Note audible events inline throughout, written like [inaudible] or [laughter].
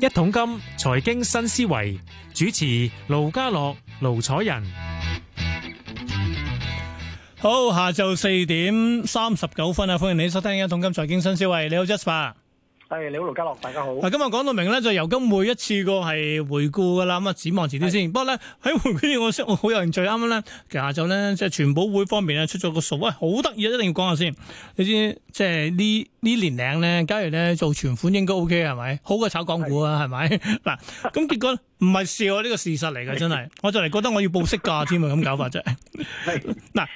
一桶金財經新思維，主持盧家樂、盧楚仁，好，下晝四點三十九分啊！歡迎你收聽一桶金財經新思維。你好，Jasper，係你好，盧家樂，大家好。啊、今日講到明呢，就是、油金每一次個係回顧噶啦，咁啊，展望遲啲先。不過呢，喺回顧呢，我我好有興趣啱啱呢，其實下晝呢，即係全保會方面咧出咗個數喂，好得意啊，一定要講下先。你知即係呢？啲年齡咧，假如咧做存款應該 O K 係咪？好過炒港股啊，係咪？嗱是，咁結果唔係笑啊，呢、這個事實嚟嘅真係， [laughs] 我就嚟覺得我要報息價添啊，咁搞法啫。係，嗱，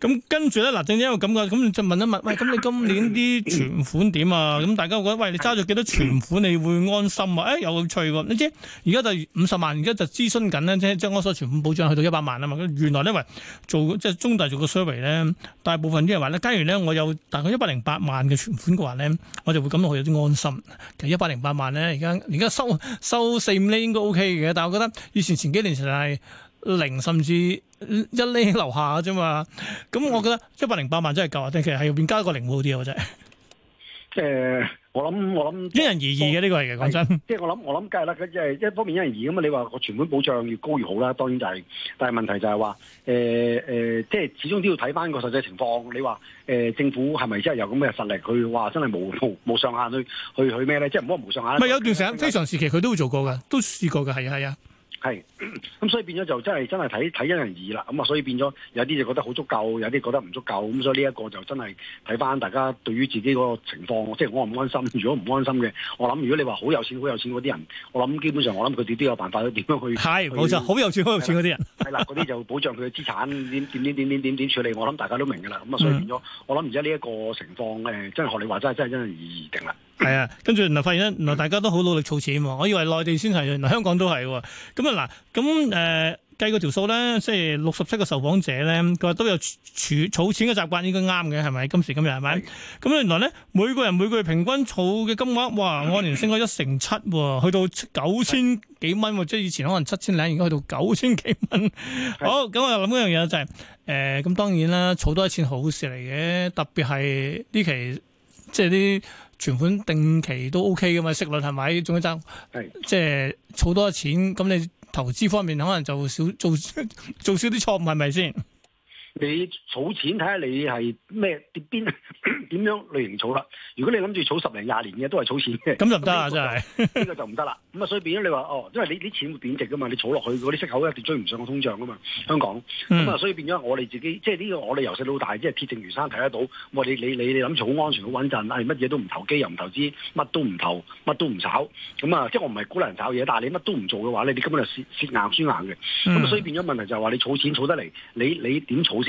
咁跟住咧，嗱，正正因為咁嘅，咁就問一問，喂，咁你今年啲存款點啊？咁大家會覺得，喂，你揸咗幾多存款，你會安心啊？誒、哎，有趣喎，你知而家就五十萬，而家就諮詢緊咧，即係將我所存款保障去到一百萬啊嘛。原來咧，喂，做即係中大做個 survey 咧，大部分啲人話咧，假如咧我有大概一百零八萬嘅存款。呢個人咧，我就會感到佢有啲安心。其實一百零八萬咧，而家而家收收四五厘應該 OK 嘅，但係我覺得以前前幾年其實係零甚至一,一厘喺樓下嘅啫嘛。咁我覺得一百零八萬真係夠啊！定其實喺入邊加一個零好啲啊，我真係。即係我諗，我諗因人而異嘅，呢個係嘅，講真。即係、就是、我諗，我諗梗係啦，即、就、係、是、一方面因人而異咁啊！你話個存款保障越高越好啦，當然就係、是，但係問題就係話，誒、呃、誒、呃，即係始終都要睇翻個實際情況。你話誒、呃、政府係咪真係有咁嘅實力，佢話真係冇冇上限去去去咩咧？即係唔好無上限。咪有段時間非常時期，佢都會做過嘅，都試過嘅，係啊係啊。係，咁、嗯、所以變咗就真係真係睇睇因人而異啦，咁啊所以變咗有啲就覺得好足夠，有啲覺得唔足夠，咁所以呢一個就真係睇翻大家對於自己嗰個情況，即、就、係、是、我唔安心，如果唔安心嘅，我諗如果你話好有錢好有錢嗰啲人，我諗基本上我諗佢哋都有辦法去點樣去係冇錯，好是去有錢好有錢嗰啲人係啦，嗰啲的 [laughs] 就保障佢嘅資產點點點點點點處理，我諗大家都明噶啦，咁啊所以變咗、嗯、我諗而家呢一個情況誒、呃，真係學你話齋真係因人而異定啦。係啊，跟住原來發現咧，原來大家都好努力儲錢喎。嗯、我以為內地先係，嗱香港都係喎。咁啊嗱，咁誒、呃、計嗰條數咧，即係六十七個受訪者咧，佢話都有儲儲錢嘅習慣，應該啱嘅，係咪？今時今日係咪？咁、嗯、原來咧，每個人每個月平均儲嘅金額，哇！按、嗯、年升咗一成七、嗯，去到九千幾蚊喎，即係以前可能七千零，而家去到九千幾蚊。嗯、好，咁我諗一樣嘢就係、是、誒，咁、呃、當然啦，儲多啲錢好事嚟嘅，特別係呢期即係啲。存款定期都 OK 㗎嘛，息率係咪？仲一爭，是即係儲多錢，咁你投資方面可能就少做做少啲錯誤，係咪先？你儲錢睇下你係咩跌邊點樣類型儲啦？如果你諗住儲十零廿年嘅，都係儲錢嘅。咁就唔得啊！真係呢個就唔得啦。咁、這、啊、個，所以變咗你話哦，因為你啲錢會貶值㗎嘛，你儲落去嗰啲息口一定追唔上個通脹㗎嘛。香港咁啊，嗯嗯、所以變咗我哋自己，即係呢個我哋由細到大，即、就、係、是、鐵證如山睇得到。我話你你你你諗儲好安全好穩陣，係乜嘢都唔投機又唔投資，乜都唔投，乜都唔炒。咁啊，即係我唔係鼓勵人炒嘢，但係你乜都唔做嘅話你根本就蝕蝕硬輸硬嘅。咁、嗯、所以變咗問題就係話你儲錢儲得嚟，你存存你點儲？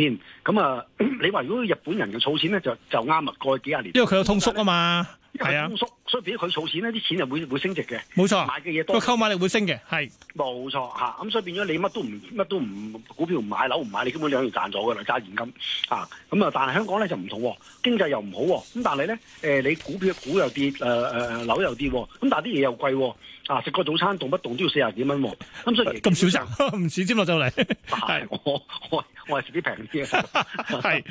咁啊、嗯嗯！你話如果日本人嘅儲錢咧，就就啱啊！過去幾廿年，因為佢有通縮啊嘛，係啊，通縮，是的 所以變咗佢儲錢咧，啲錢就會會升值嘅，冇錯，買嘅嘢多，購買力會升嘅，係冇錯嚇。咁、嗯、所以變咗你乜都唔乜都唔股票唔買樓唔買，你根本兩樣賺咗噶啦，揸現金嚇。咁啊，但係香港咧就唔同，經濟又唔好咁，但係咧誒，你股票股又跌，誒誒樓又跌，咁但係啲嘢又貴。啊！食個早餐，動不動都要四十幾蚊喎。咁、啊嗯、所以咁少賺，唔止接落就嚟。係我 [laughs] 我我係食啲平啲嘅係，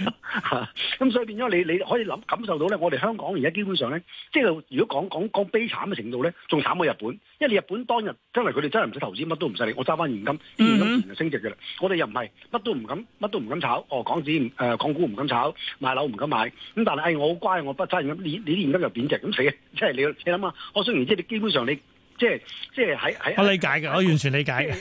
咁所以變咗你你可以諗感受到咧，我哋香港而家基本上咧，即係如果講講講悲慘嘅程度咧，仲慘過日本。因為你日本當日真係佢哋真係唔使投資，乜都唔使理，我揸翻現金，現金就升值嘅啦。嗯、哼我哋又唔係乜都唔敢，乜都唔敢炒。哦，港紙誒、呃、港股唔敢炒，買樓唔敢買。咁但係、哎、我好乖，我不揸現金。你你，你現金又貶值，咁死即係你你諗下，我雖然即係你基本上你。即係即係喺喺，我理解嘅，在我完全理解。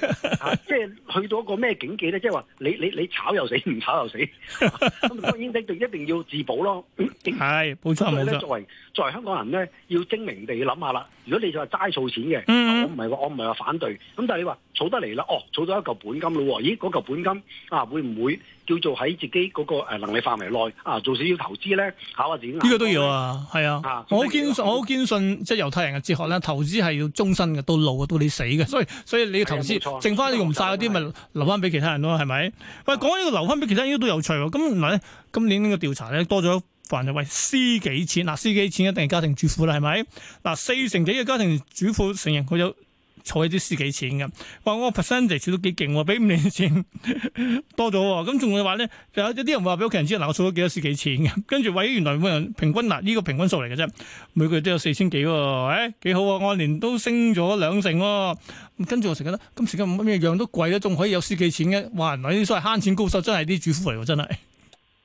即係去到一個咩境界咧？即係話你你你炒又死，唔炒又死。咁當 [laughs] 然呢一定要自保咯。係、嗯，冇錯冇錯。作為，錯作，為作為香港人咧，要精明地諗下啦。如果你就係齋儲錢嘅、嗯，我唔係話我唔係話反對。咁但係你話儲得嚟啦，哦，儲到一嚿本金啦喎。咦，嗰嚿本金啊，會唔會叫做喺自己嗰個能力範圍內啊做少少投資咧？考下點。呢個都要啊，係啊。我堅信我堅信即係猶太人嘅哲學咧，投資係要中。終身嘅，到老啊，到你死嘅，所以所以你嘅投資淨翻用唔晒嗰啲，咪留翻俾其他人咯，係咪、嗯？喂，講呢個留翻俾其他人應該都有趣喎。咁唔係咧，今年呢個調查咧多咗一份就喂私己錢嗱，司、啊、己錢一定係家庭主婦啦，係咪嗱？四、啊、成幾嘅家庭主婦承認佢有。坐儲一啲私己錢嘅，話我 percentage 算到幾勁喎，比五年前 [laughs] 多咗喎，咁仲會話咧，有啲人話俾屋企人知，嗱我儲咗幾多私己錢嘅，跟住喂原來每人平均嗱呢個平均數嚟嘅啫，每個月都有四千幾，誒幾好啊，我年都升咗兩成，咁跟住我成日啦，今時今日乜乜樣都貴啦，仲可以有私己錢嘅，哇！原來啲所謂慳錢高手真係啲主婦嚟喎，真係。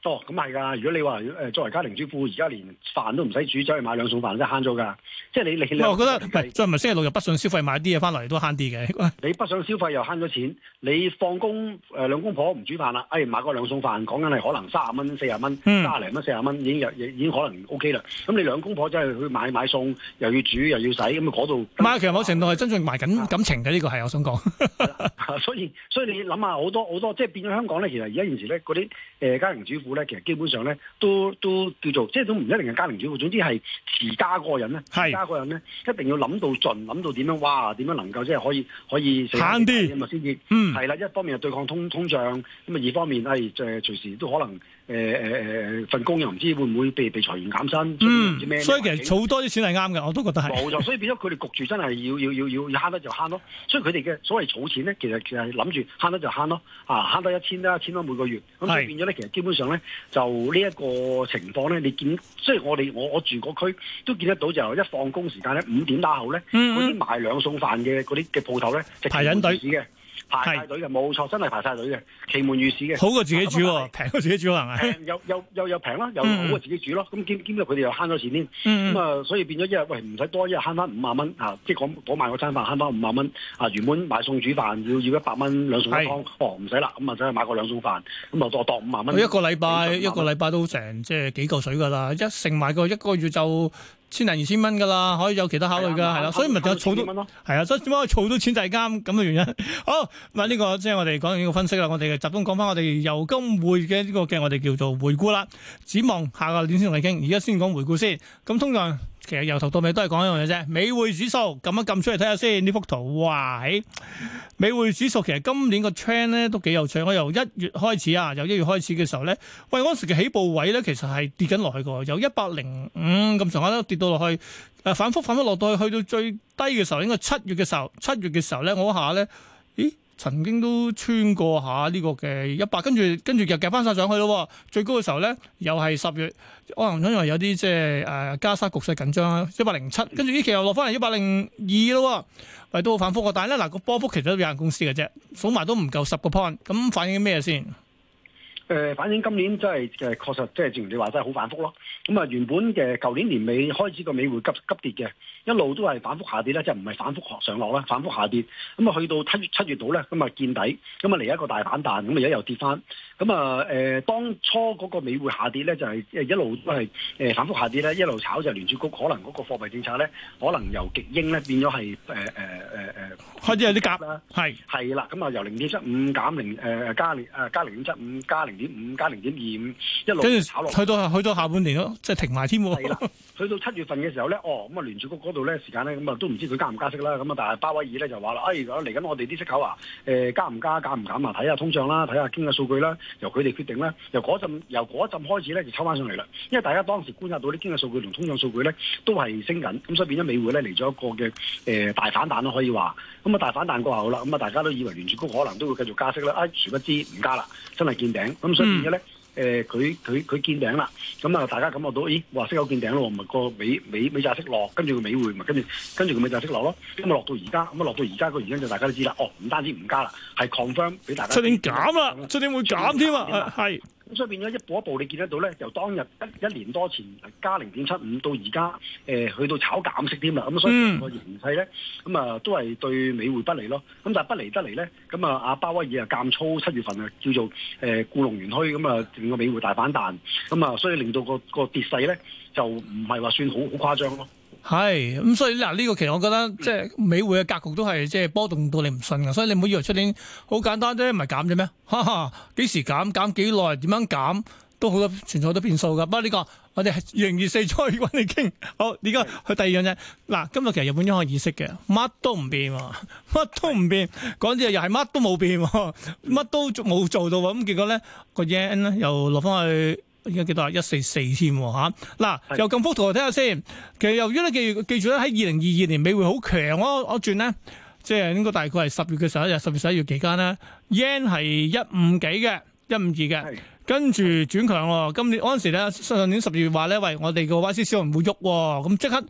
哦，咁係㗎，如果你話誒、呃、作為家庭主婦，而家連飯都唔使煮，走去買兩餸飯真係慳咗㗎。即係你你我覺得，再唔係星期六日不順消費買啲嘢翻嚟都慳啲嘅。哎、你不順消費又慳咗錢，你放工誒、呃、兩公婆唔煮飯啦，誒、哎、買個兩餸飯，講緊係可能卅蚊四十蚊，卅零蚊四十蚊已經已經可能 O K 啦。咁你兩公婆真係去買買餸，又要煮又要洗，咁啊嗰度。嘛，其實某程度係真正埋緊感情嘅呢、啊、個係，我想講、嗯 [laughs] 所以所以你諗下好多好多，即係變咗香港咧，其實而家現時咧嗰啲誒家庭主婦。咧，其實基本上咧，都都叫做，即係都唔一定係家庭主婦，總之係持家個人咧，持家是個人咧，一定要諗到盡諗到點樣哇，點樣能夠即係可以可以慳啲，咁啊先至，嗯，係啦，一方面係對抗通通脹，咁啊二方面係即係隨時都可能，誒誒誒份工又唔知會唔會被被裁員減薪，唔知咩、嗯？所以其實儲多啲錢係啱嘅，我都覺得係。冇錯，所以變咗佢哋焗住，真係要要要要慳得就慳咯。所以佢哋嘅所謂儲錢咧，其實其實諗住慳得就慳咯。啊，慳得一千啦，一千咯每個月。咁就變咗咧，是 其實基本上咧，就呢一個情況咧，你見，即係我哋我我住個區都見得到，就一放工時間咧，五點打後咧，嗰啲、嗯嗯、賣兩餸飯嘅嗰啲嘅鋪頭咧，呢排緊隊。排晒隊嘅冇是錯，真係排晒隊嘅，其門如市嘅，好過自己煮，平過自己煮係咪？有又又平啦，又好過自己煮咯。咁兼兼佢哋又慳咗錢添。咁啊、嗯，所以變咗一日喂，唔使多，一日慳翻五萬蚊啊！即係講講埋個餐飯慳翻五萬蚊啊！原本買餸煮飯要要一百蚊兩餸一湯，是哦唔使啦，咁啊真係買個兩餸飯，咁啊當五萬蚊。一個禮拜元一個禮拜都成即係幾嚿水㗎啦，一成買個一個月就。千零二千蚊噶啦，可以有其他考慮噶係啦，所以咪就儲到係啊，所以點解儲到錢就啱咁嘅原因？好，唔、這、呢個即係我哋講呢個分析啦，我哋嘅集中講翻我哋油金匯嘅呢個嘅，我哋叫做回顧啦。展望下個年先同你傾，而家先講回顧先。咁通常。其實由頭到尾都係講一樣嘢啫。美匯指數撳一撳出嚟睇下先，呢幅圖哇，美匯指數，其實今年個 trend 咧都幾有趣。我由一月開始啊，由一月開始嘅時候咧，喂，嗰時嘅起步位咧，其實係跌緊落去個，由一百零五咁上下都跌到落去，誒，反覆反覆落到去，去到最低嘅時候，應該七月嘅時候，七月嘅時候咧，我下咧，咦？曾經都穿過下呢個嘅一百，跟住跟住又夾翻晒上去咯。最高嘅時候咧，又係十月，可能因為有啲即係誒加沙局勢緊張啦，一百零七，跟住呢期又落翻嚟一百零二咯。喎都好反覆過，但係咧嗱，個波幅其實都有限公司嘅啫，數埋都唔夠十個 point，咁反映咩先？呃、反正今年真係、呃、確實即係正如你話，真係好反覆咯。咁、嗯、啊，原本嘅舊年年尾開始個美匯急急跌嘅，一路都係反覆下跌咧，即係唔係反覆上落啦，反覆下跌。咁、嗯、啊，去到七月、七月度咧，咁、嗯、啊見底，咁啊嚟一個大反彈，咁而家又跌翻。咁、嗯、啊、呃，當初嗰個美匯下跌咧，就係一路都係、呃、反覆下跌咧，一路炒就聯儲局可能嗰個貨幣政策咧，可能由極鷹咧變咗係、呃呃呃、開始有啲鴿啦。係係啦，咁啊、嗯、由零點七五減零加零加零點七五加零。0, 零點五加零點二五，一路跟住炒落去，去到去到下半年咯，即係停埋添喎。係啦，去到七月份嘅時候咧，哦，咁啊聯儲局嗰度咧時間咧，咁啊都唔知佢加唔加息啦。咁啊，但係鮑威爾咧就話啦，哎嚟緊我哋啲息口啊，誒、呃、加唔加、減唔減啊？睇下通脹啦，睇下經濟數據啦，由佢哋決定啦。由嗰陣由嗰一陣開始咧就抽翻上嚟啦，因為大家當時觀察到啲經濟數據同通脹數據咧都係升緊，咁所以變咗美匯咧嚟咗一個嘅誒、呃、大反彈咯，可以話。咁啊大反彈過後啦，咁啊大家都以為聯儲局可能都會繼續加息啦，哎、啊，殊不知唔加啦，真係見頂。咁、嗯、所以而家咧，誒佢佢佢見頂啦，咁啊大家感覺到，咦、哎，話息口見頂咯，咪個尾尾尾就息落，跟住個尾匯咪跟住跟住個尾就息落咯，咁、嗯、啊落到而家，咁、嗯、啊落到而家個原因就大家都知啦，哦，唔單止唔加啦，係 confirm 俾大家出點減啦，出點會減添啊，係。所以變咗一步一步你見得到咧，由當日一一年多前加零點七五到而家，誒、呃、去到炒減息添啦。咁、嗯、所以整個形勢咧，咁、嗯、啊都係對美匯不利咯。咁但係不利得嚟咧，咁啊阿鮑威爾啊減操，七月份啊叫做誒故弄玄虛，咁啊整個美匯大反彈，咁、嗯、啊所以令到個個跌勢咧就唔係話算好好誇張咯。係咁，所以嗱呢個，其實我覺得即係美匯嘅格局都係即係波動到你唔信㗎，所以你唔好以為出年好簡單啫，唔係減咗咩？哈哈，幾時減，減幾耐，點樣減，都好多存在好多變數噶。不過呢個我哋2024再揾你傾。好，而家去第二樣嘢。嗱，今日其實日本央行議息嘅乜都唔變喎，乜都唔變，講啲嘢又係乜都冇變，乜都冇做到。咁結果咧個 yen 咧又落翻去。而家幾多啊？一四四添吓，嗱是，又咁幅圖嚟睇下先。其實由於咧記記住咧、哦，喺二零二二年尾會好強咯，我轉咧，即係應該大概係十月嘅十一日、十月十一月期間咧，yen 係一五幾嘅，一五二嘅，是跟住轉強。今年嗰陣時咧，上年十二月話咧，喂，我哋個 Y C C 唔會喐、哦，咁即刻。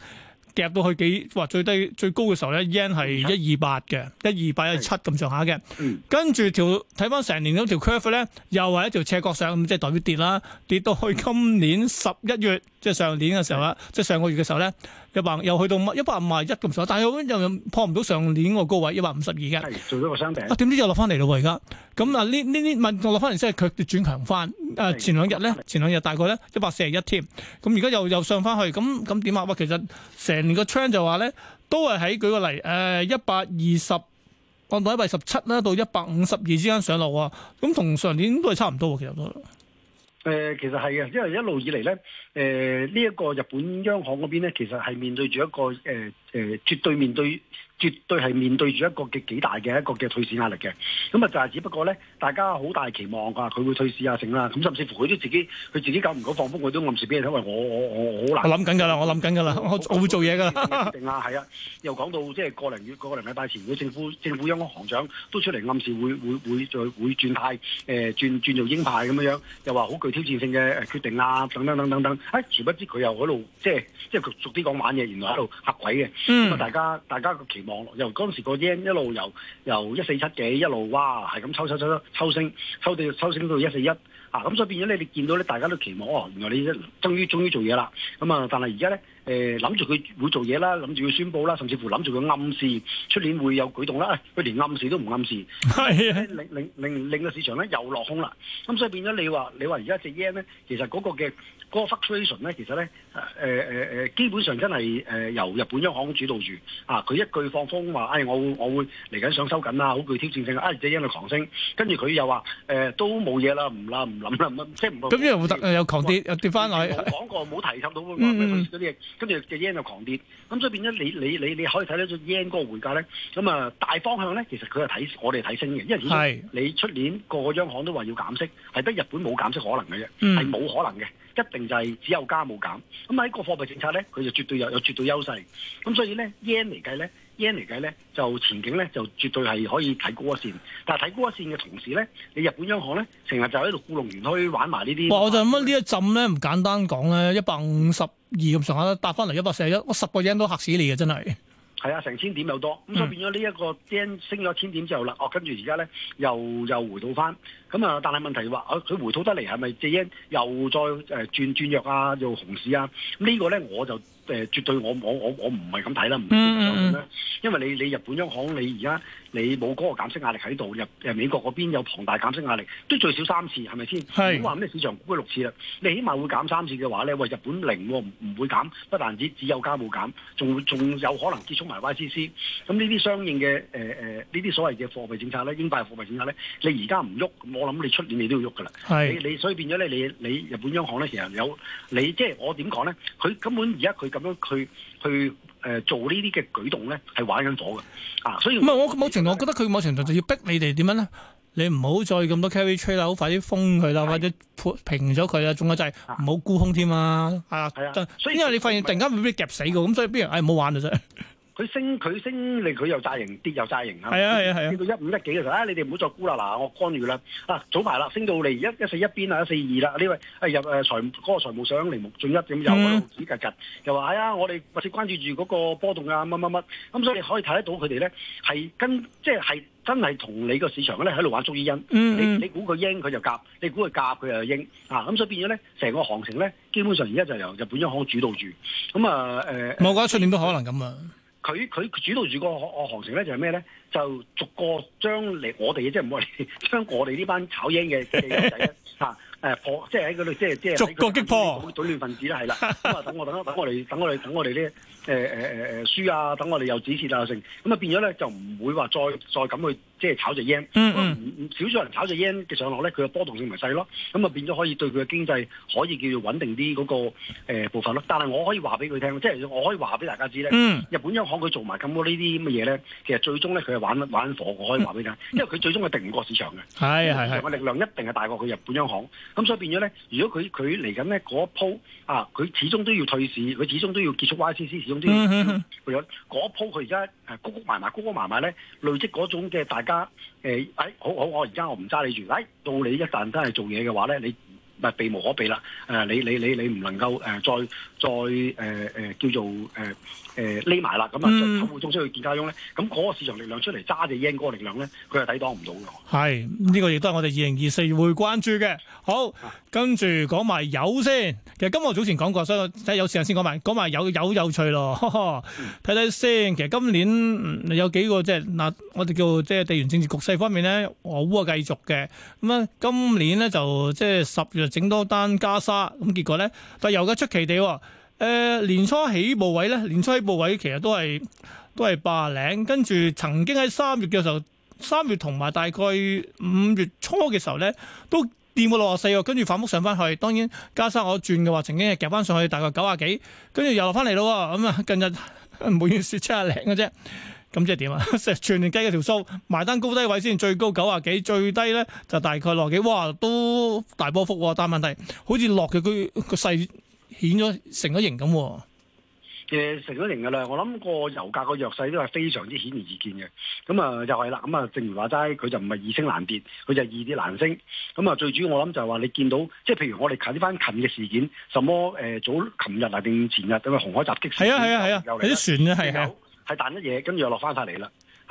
夾到去幾話最低最高嘅時候咧 yen 係一二八嘅，一二八一二七咁上下嘅。嗯、跟住條睇翻成年嗰條 curve 咧，又係一條斜角上，即係代表跌啦。跌到去今年十一月，嗯、即係上年嘅時候啦，是即係上個月嘅時候咧，一百又去到一百五十一咁上下但係又又,又破唔到上年個高位一百五十二嘅。做咗個新頂。啊，點知又落翻嚟咯喎！而家咁啊，呢呢呢，問落翻嚟即係佢轉強翻。誒前兩日咧，前兩日大概咧一百四十一添，咁而家又又上翻去，咁咁點啊？哇，其實成個 trend 就話咧，都係喺舉個例誒一百二十按到一百十七啦，到一百五十二之間上落喎，咁同上年都係差唔多喎，其實都。誒、呃，其實係嘅，因為一路以嚟咧，誒呢一個日本央行嗰邊咧，其實係面對住一個誒誒、呃呃、絕對面對。絕對係面對住一個嘅幾大嘅一個嘅退市壓力嘅，咁啊就係只不過咧，大家好大期望㗎、啊，佢會退市啊成啦，咁甚至乎佢都自己佢自己搞唔到放風，佢都暗示俾你睇，我我我好難。我諗緊㗎啦，我諗緊㗎啦，我，我會做嘢㗎。決定啊，係啊， [laughs] 又講到即係個零月個零禮拜前，個政府政府央行長都出嚟暗示會會會再會，會轉態，誒、呃、轉轉做鷹派咁樣樣，又話好具挑戰性嘅決定啊，等等等等等。哎，殊不知佢又喺度即係即係逐啲講玩嘢，原來喺度嚇鬼嘅。咁啊、嗯，大家大家個期望。由嗰陣時個 yen 一路由由一四七幾一路哇，係咁抽抽抽抽升，抽到抽升到一四一啊！咁所以變咗咧，你見到咧，大家都期望哦，原來你終於終於做嘢啦！咁啊，但係而家咧，誒諗住佢會做嘢啦，諗住佢宣布啦，甚至乎諗住佢暗示出年會有舉動啦，佢、哎、連暗示都唔暗示，係令令令令個市場咧又落空啦！咁所以變咗你話你話而家隻 yen 咧，其實嗰個嘅。嗰個 frustration 咧，其實咧誒誒誒基本上真係誒由日本央行主導住啊！佢一句放風話，哎，我會我會嚟緊想收緊啦，好具挑戰性啊！而家 yen 又狂升，跟住佢又話誒、呃、都冇嘢啦，唔啦唔諗啦，即係唔。咁之後又又狂跌，跌翻落去。我講過，冇提及到嗰啲嘢，跟住隻 yen 又狂跌，咁所以變咗你你你你可以睇得出 yen 嗰個匯價咧，咁啊大方向咧，其實佢係睇我哋睇升嘅，因為以前你出年個個央行都話要減息，係得日本冇減息可能嘅啫，係冇、嗯、可能嘅，一定。就係只有加冇減，咁喺個貨幣政策咧，佢就絕對有有絕對優勢，咁所以咧 yen 嚟計咧 yen 嚟計咧就前景咧就絕對係可以睇高一線，但係睇高一線嘅同時咧，你日本央行咧成日就喺度顧龍元開玩埋呢啲。我就諗呢一浸咧唔簡單講咧，一百五十二咁上下，搭翻嚟一百四十一，我十個 yen 都嚇死你嘅真係。係啊，成千點有多，咁、嗯、所以變咗呢一個 yen 升咗千點之後啦，哦、啊，跟住而家咧又又回到翻。咁啊！但係問題話佢回吐得嚟係咪即係又再誒、呃、轉轉弱啊，又熊市啊？這個、呢個咧我就誒、呃、絕對我我我我唔係咁睇啦，唔相信啦。Hmm. 因為你你日本央行你而家你冇嗰個減息壓力喺度，日誒美國嗰邊有龐大減息壓力，都最少三次係咪先？是是是如果話咩市場估佢六次啦，你起碼會減三次嘅話咧，喂，日本零唔、哦、唔會減，不但止只，只有加冇減，仲仲有可能結束埋 YCC、嗯。咁呢啲相應嘅誒誒呢啲所謂嘅貨幣政策咧，英幣貨幣政策咧，你而家唔喐我諗你出年你都要喐噶啦，你你所以變咗咧，你你日本央行咧成日有你，即係我點講咧？佢根本而家佢咁樣，佢去誒做呢啲嘅舉動咧，係玩緊火嘅啊！所以唔係我某程度，我覺得佢某程度就要逼你哋點樣咧？你唔好再咁多 carry trade 啦，好快啲封佢啦，的或者平咗佢啦，仲有就係唔好沽空添的啊！啊以，因為你發現突然間會俾夾死噶，咁的所以不如，唉，唔好玩就真。 [laughs] 佢升佢升，嚟佢又詐型，跌又詐型啊！係啊係啊係！跌到一五得幾嘅時候，啊你哋唔好再沽啦，嗱我干預啦！啊早排啦，升到嚟一一四一邊啦，一四二啦，呢位係入誒、啊、財嗰、嗰個財務相鈴木俊一咁又喺度止格格，又話係啊，我哋密切關注住嗰個波動啊，乜乜乜咁，所以你可以睇得到佢哋咧係跟即係真係同你個市場咧喺度玩捉伊因。嗯、你你估佢鷹佢就鴿，你估佢鴿佢又鷹啊！咁、啊、所以變咗咧，成個行情咧基本上而家就由日本央行主導住。咁啊誒冇覺得出年都可能咁啊！佢佢主導住個我行程咧，就係咩咧？就逐個將嚟我哋，即係唔係將我哋呢班炒煙嘅仔啊，誒破，即係喺嗰度，即係即係逐個擊破，搗亂分子啦，係啦，咁啊等我等等我哋，等我哋，等我哋咧。等我誒誒誒誒書啊！等我哋又指示啊，性，咁啊變咗咧就唔會話再再咁去即係炒隻 yen。嗯，少少人炒隻 yen 嘅上落咧，佢嘅波動性咪細咯。咁啊變咗可以對佢嘅經濟可以叫做穩定啲嗰、那個、呃、部分咯。但係我可以話俾佢聽，即、就、係、是、我可以話俾大家知咧。嗯、日本央行佢做埋咁多呢啲咁嘅嘢咧，其實最終咧佢係玩玩火。我可以話俾你聽，因為佢最終係敵唔過市場嘅。係係係，個力量一定係大過佢日本央行。咁所以變咗咧，如果佢佢嚟緊咧嗰一鋪啊，佢始終都要退市，佢始終都要結束 Y C C 市。總之，嗰鋪佢而家誒谷谷埋埋，谷谷埋埋咧累積嗰種嘅大家誒，誒、呃哎、好好我而家我唔揸你住，誒、哎、到你一旦真係做嘢嘅話咧，你咪、呃、避無可避啦，誒、呃、你你你你唔能夠誒、呃、再再誒誒、呃呃、叫做誒。呃誒，匿埋啦，咁啊，散戶仲出去見家傭咧，咁、那、嗰個市場力量出嚟揸住 yen 嗰個力量咧，佢係抵擋唔到嘅。係呢、這個亦都係我哋二零二四會關注嘅。好，跟住、啊、講埋油先。其實今日我早前講過，所以睇有時間先講埋，講埋有有有趣咯。睇睇、嗯、先。其實今年有幾個即係嗱，我哋叫即係地緣政治局勢方面咧，好啊，繼續嘅。咁啊，今年咧就即係、就是、十月整多單加沙，咁結果咧，但係油嘅出奇地、哦。誒、呃、年初起步位咧，年初起步位其實都係都係八啊零，跟住曾經喺三月嘅時候，三月同埋大概五月初嘅時候咧，都掂過六啊四喎，跟住反覆上翻去。當然加生我轉嘅話，曾經係夾翻上去大概九啊幾，跟住又落翻嚟咯。咁、嗯、啊，近日呵呵唔好意思，七啊零嘅啫，咁即係點啊？成全年計嘅條數，埋單高低位先，最高九啊幾，最低咧就大概六啊幾。哇，都大波幅、啊，但問題好似落嘅佢個勢。個個小顯咗成咗型咁，誒，成咗型噶啦。我諗個油價個弱勢都係非常之顯而易見嘅。咁啊，又係啦。咁啊，正如話齋，佢就唔係易升難跌，佢就係易跌難升。咁啊，最主要我諗就係話你見到，即係譬如我哋近呢翻近嘅事件，什麼誒、呃，早琴日啊，定前日咁啊，紅海襲擊船，係啊係啊，啲、啊啊、船啊係啊，係彈一嘢，跟住又落翻晒嚟啦。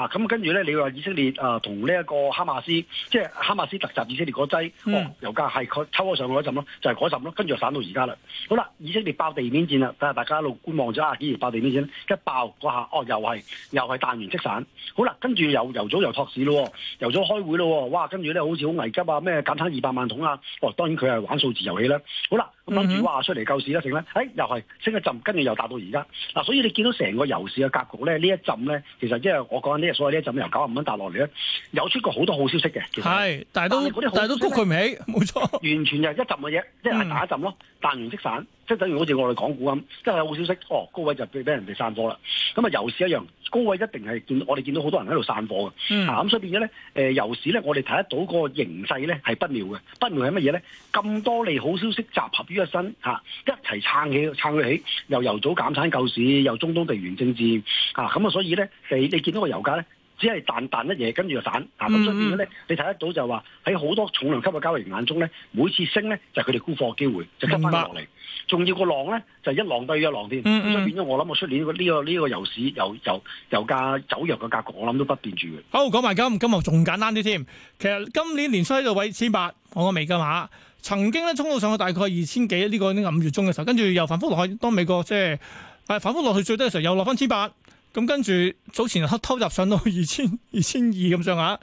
咁、啊、跟住咧，你話以色列啊，同呢一個哈馬斯，即係哈馬斯突襲以色列嗰劑，哦，油價係佢抽咗上去嗰陣咯，就係嗰陣咯，跟住就散到而家啦。好啦，以色列爆地面戰啦，但係大家一路觀望咗啊，幾時爆地面戰一爆嗰下，哦，又係又係彈完即散。好啦，跟住又油組又託市咯，哦，油組開會咯，哦，哇，跟住咧好似好危急啊，咩減產二百萬桶啊，哦，當然佢係玩數字遊戲啦。好啦。咁住話出嚟救市啦，剩咧、mm，哎、hmm. 啊、又係升一陣，跟住又達到而家。嗱、啊，所以你見到成個油市嘅格局咧，一呢一陣咧，其實即係我講呢啲所謂呢一陣由九十五蚊達落嚟咧，有出過好多好消息嘅。係是，但係都但都谷佢尾，冇錯，完全就一陣嘅嘢，即係打一陣咯，彈完即散，即係等於好似我哋講股咁，真、就、係、是、好消息，哦，高、那個、位就俾俾人哋散咗啦，咁啊油市一樣。高位一定係見到，我哋見到好多人喺度散貨嘅，嗯、啊咁所以變咗咧，誒油市咧，我哋睇得到個形勢咧係不妙嘅，不妙係乜嘢咧？咁多利好消息集合於一身，嚇、啊、一齊撐起撐佢起，又油組減產救市，又中東地緣政治，啊咁啊，所以咧你你見到個油價咧，只係彈彈一嘢，跟住就散嚇。咁所以變咗咧，你睇得到就話喺好多重量級嘅交易員眼中咧，每次升咧就係佢哋沽貨嘅機會，就執翻落嚟。仲白要個浪咧，就係、一浪低於一浪添。咁所以變咗，我諗我出年呢、呢個呢、呢個油市又又油價走弱嘅格局，我諗都不變住嘅。好，講埋今今日仲簡單啲添。其實今年年初喺個位千八，我未㗎嘛。曾經咧衝到上去大概二千幾，呢、呢個五月中嘅時候，跟住又反覆落去。當美國即係反覆落去最低嘅時候，又落翻千八。咁跟住早前偷襲上到二千二千二咁上下 2000,、啊，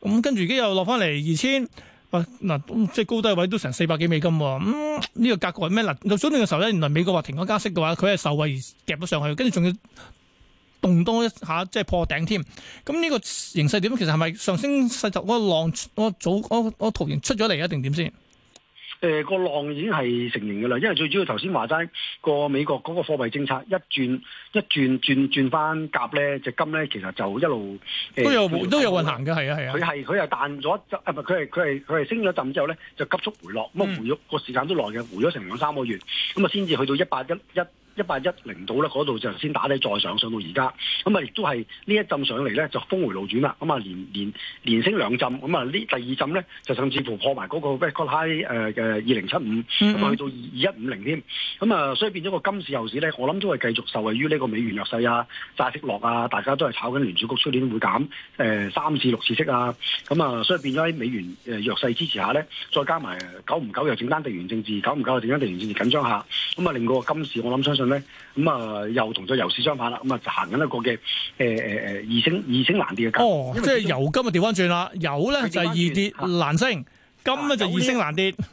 咁跟住而家又落翻嚟二千，嗱即係高低位都成四百幾美金，咁、嗯、呢、這個格局係咩？嗱，早段嘅時候咧，原來美國話停咗加息嘅話，佢係受惠而夾咗上去，跟住仲要動多一下，即係破頂添。咁呢個形勢點？其實係咪上升勢集個浪？我早我我圖形出咗嚟啊？一定點先？誒、呃嗰個浪已經係成型嘅啦，因為最主要頭先話齋個美國嗰個貨幣政策一轉一轉一轉轉翻夾咧，隻金咧其實就一路、呃、都有都有運行嘅，係啊係啊，佢係佢係彈咗一陣，啊唔係佢係佢係佢係升咗一陣之後咧就急速回落，咁回咗、嗯、個時間都耐嘅，回咗成兩三個月，咁啊先至去到一八一一。一一百一零度咧，嗰度就先打低再上，上到而家，咁啊亦都係呢一浸上嚟咧就峰迴路轉啦，咁啊連連連升兩浸，咁啊呢第二浸咧就甚至乎破埋嗰個 record high 誒嘅二零七五，咁啊去到二一五零添，咁啊所以變咗個金市油市咧，我諗都係繼續受惠於呢個美元弱勢啊，債息落啊，大家都係炒緊聯儲局出年會減誒三至六次息啊，咁啊所以變咗喺美元誒弱勢支持下咧，再加埋久唔久又整單地緣政治，久唔久又整單地緣政治緊張下，咁啊令個金市我諗相信。咁啊、嗯，又同咗油市相反啦，咁啊行緊一個嘅誒誒誒，易升易升難跌嘅格局。哦，即係油金啊，調返轉啦，油咧就易跌難升，啊、金咧就易升難跌。啊、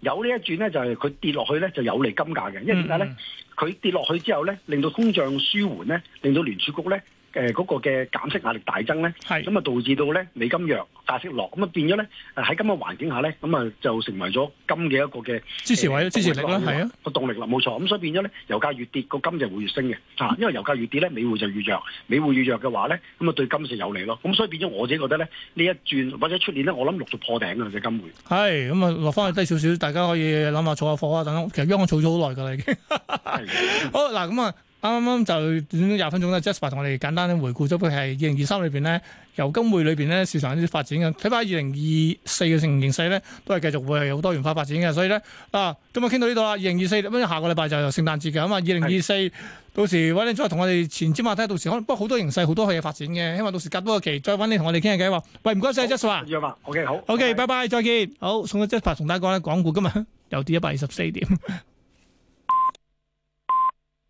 有呢一轉咧，就係佢跌落去咧，就有利金價嘅，因為點解咧？佢、嗯、跌落去之後咧，令到通脹舒緩咧，令到聯儲局咧。誒嗰個嘅減息壓力大增咧，咁啊是導致到咧美金弱，加息落，咁啊變咗咧喺今日環境下咧，咁啊就成為咗金嘅一個嘅支持位、支持力啦，係啊個動力啦，冇、啊、錯。咁所以變咗咧，油價越跌，個金就會越升嘅嚇，啊、因為油價越跌咧，美匯就越弱，美匯越弱嘅話咧，咁啊對金就有利咯。咁所以變咗我自己覺得咧，呢一轉或者出年咧，我諗陸續破頂啊隻金匯。係咁啊，落翻去低少少，的大家可以諗下儲下貨啊。等等，其實央行儲咗好耐㗎啦，已經。的 [laughs] 好嗱，咁啊。啱啱就短短廿分鐘咧，Jasper 同我哋簡單咧回顧咗佢係二零二三裏邊咧，油金匯裏邊咧市場一啲發展嘅睇翻二零二四嘅成形勢咧，都係繼續會係好多元化發展嘅，所以咧啊，今日傾到呢度啦，二零二四，下個禮拜就係聖誕節嘅。咁啊，二零二四到時揾你再同我哋前瞻下睇下，到時可能不過好多形勢好多嘢發展嘅，希望到時隔多個期再揾你同我哋傾下偈喎。喂，唔該晒 Jasper，一 OK 好，OK，拜拜，bye, 再見，好，送咗 Jasper 同大家咧，港股。今日又跌一百二十四點。 [laughs]